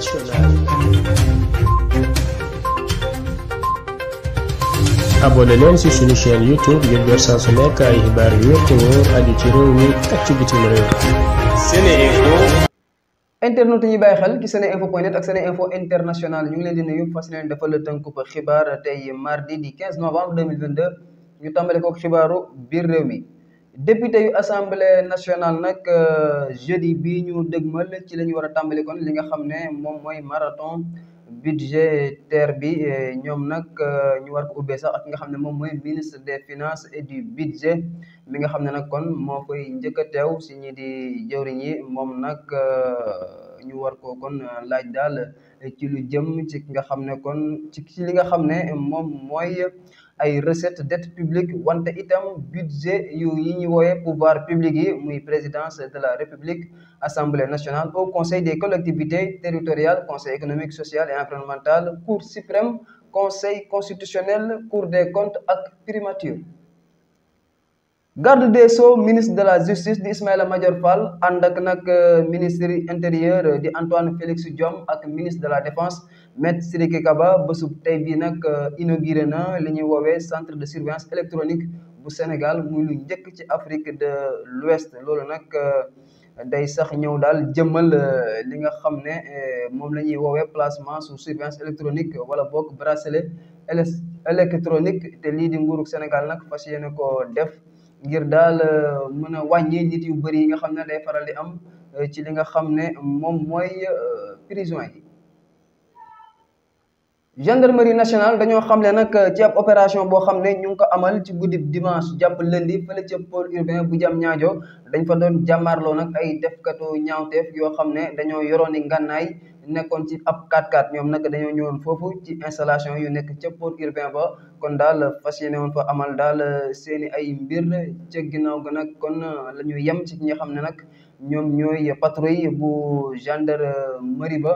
internationale. abonné leen ci suñu chaîne youtube ngir jot saa yu wér te ci réew mi ak ci bitim réew. SeneInfo. internet yi bàyyi xel ci seneinfo.net ak seneinfo international ñu ngi leen di nuyu fas leen defal tënkub xibaar tey mardi di 15 novembre 2022 ñu tàmbali kook xibaaru biir réew mi. député yu assemblée nationale nag euh, jeudi bii ñu dëgmal ci la ñu war a tàmbali kon li nga xam ne moom mooy marathon budgétaire bi euh, ñoom nag euh, ñu war ko ubbee sax nga xam ne moom mooy ministre des finances et du budget mi nga xam ne nag kon moo koy njëkk a teew si ñi di jawriñ yi moom nag ñu war ko kon laaj daal ci lu jëm ci nga xam ne kon ci li nga xam ne moom mooy. ay recette dette publique wante itam budget yu yi ñu wooyee pouvoir public yi muy présidence de la république assemblée nationale au conseil des collectivités territoriales conseil économique social et environnemental cour suprême conseil constitutionnel cour des comptes ak primature garde des so ministre de la justice di Ismaïla Madior Fall ànd ak nag euh, ministre intérieur di Antoine Félix Diome ak ministre de la défense maître Sidiki Kaba bésub tey bii nag euh, inauguré na li ñuy woowee centre de surveillance électronique bu Sénégal muy lu njëkk ci Afrique de l'Ouest loolu nag euh, day sax ñëw daal jëmmal li nga xam ne moom la ñuy woowee placement sous surveillance électronique wala boog bracelet électronique te lii di nguurug Sénégal nag fas yéene ko def ngir daal euh, mën a wàññi nit yu bëri yi nga xam ne day faral di am euh, ci li nga xam ne moom mooy euh, prison yi. gendarmerie nationale dañoo xam ne nag euh, ci ab opération boo xam ne ñu ngi ko amal ci guddi dimanche jàpp lundi fële ca pôle urbain bu jam ñaajo dañ fa doon jàmmaarloo nag ay defkatu ñaawteef yoo xam ne dañoo yoroon i ngànnaay nekkoon ci ab 4-4 ñoom nag dañoo ñëwoon foofu ci installation yu nekk ca pôle urbain ba kon daal euh, fas yéene woon fa amal daal euh, seeni ay mbir ca ginnaaw ga nag kon la yem ci ñi nga xam ne nag ñoom ñooy patrouille bu gendarmerie ba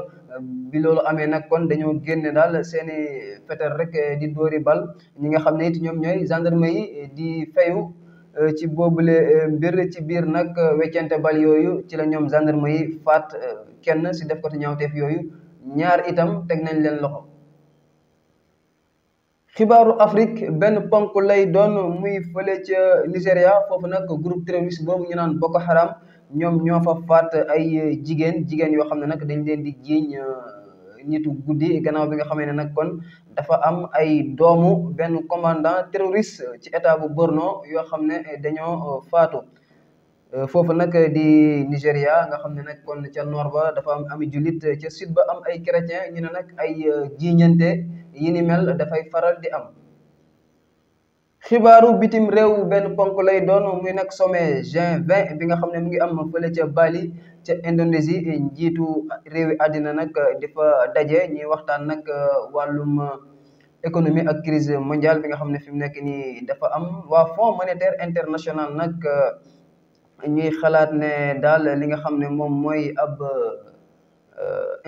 bi loolu amee nag kon dañoo génne daal seeni i rek di dóori bal ñi nga xam ne it ñoom ñooy gendarme yi di fayu euh, ci boobule euh, mbir ci biir nag weccante bal yooyu ci la ñoom gendarme yi faat euh, kenn si def ko te ñaawteef yooyu ñaar itam teg nañ leen loxo. xibaaru Afrique benn ponk lay doon muy fële ca Nigéria foofu nag groupe terroriste boobu ñu naan Boko Haram. ñoom ñoo fa faat ay jigéen jigéen yoo xam ne nag dañ leen di jiiñ euh, nitu guddi gannaaw bi nga xamee ne nag kon dafa am ay doomu benn commandant terroriste ci état bu Borno yoo xam ne dañoo euh, faatu euh, foofu nag di Nigéria nga xam ne nag kon ca nord ba dafa am ami jullit ca sud ba am ay chrétien ñu ne nag ay jiiñante yi ni mel dafay faral di am xibaaru bitim réew benn ponk lay doon muy nag sommet G20 bi nga xam ne mu ngi am fële ca Bali ca Indonésie njiitu réewi àddina nag di fa daje ñuy waxtaan nag uh, wàllum uh, économie ak crise mondiale bi nga xam ne fi mu nekk nii dafa am waa Fonds monétaire international nag uh, ñuy xalaat ne daal li nga xam ne moom mooy ab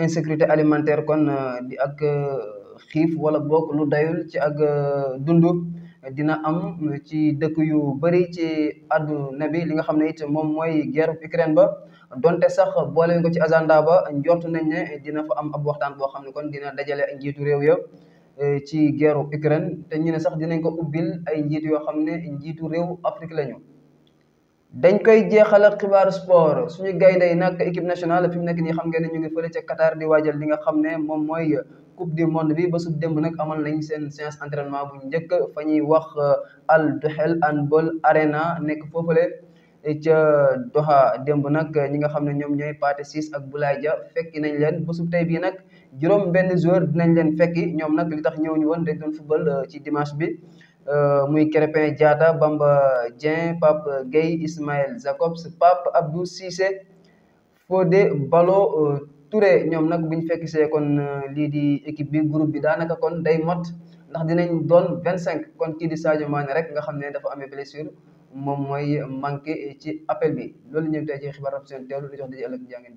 insécurité alimentaire kon di ak xiif wala bokk lu dayul ci ak dund dina am ci dëkk yu bëri ci àdduna bi li nga xam ne it moom mooy guerre Ukraine ba donte sax boole ko ci agenda ba njort nañ ne dina fa am ab waxtaan boo xam ne kon dina dajale ay njiitu réew ya eh, ci guerre Ukraine te ñu ne sax dinañ ko ubbil ay njiit yoo xam ne njiitu réew Afrique lañu. dañ koy jeexal ak xibaar sport suñu gaynde yi nag équipe nationale fi mu nekk nii xam ngeen ne ñu ngi fële ca Qatar di waajal li nga xam ne moom mooy coupe du monde bi ba su démb nag amal nañ seen séance entraînement bu njëkk fa ñuy wax euh, Al Duhail handball arena nekk foofule eh, ca Doha démb nag ñi nga xam ne ñoom ñooy Pathé Ciss ak Boulaye Dia fekki nañ leen ba su tey bii nag juróom benn joueur dinañ leen fekki ñoom nag li tax ñëw ñu wan rek doon football euh, ci dimanche bi euh, muy Krépin Diatta Bamba Dieng Pape Gueye Ismaël Jacobs Pape Abdou Cissé Fodé balo Touré ñoom nag bu ñu fekk see kon euh, lii di équipe bi groupe bi daanaka kon day mot ndax dinañ doon vingt cinq kon kii di Sadio Mané rek nga xam ne dafa amee blessure moom mooy manqué ci appel bi loolu ñu tey ci xibaar rap seen teewlu lu jox di ëllëg jaa ngeen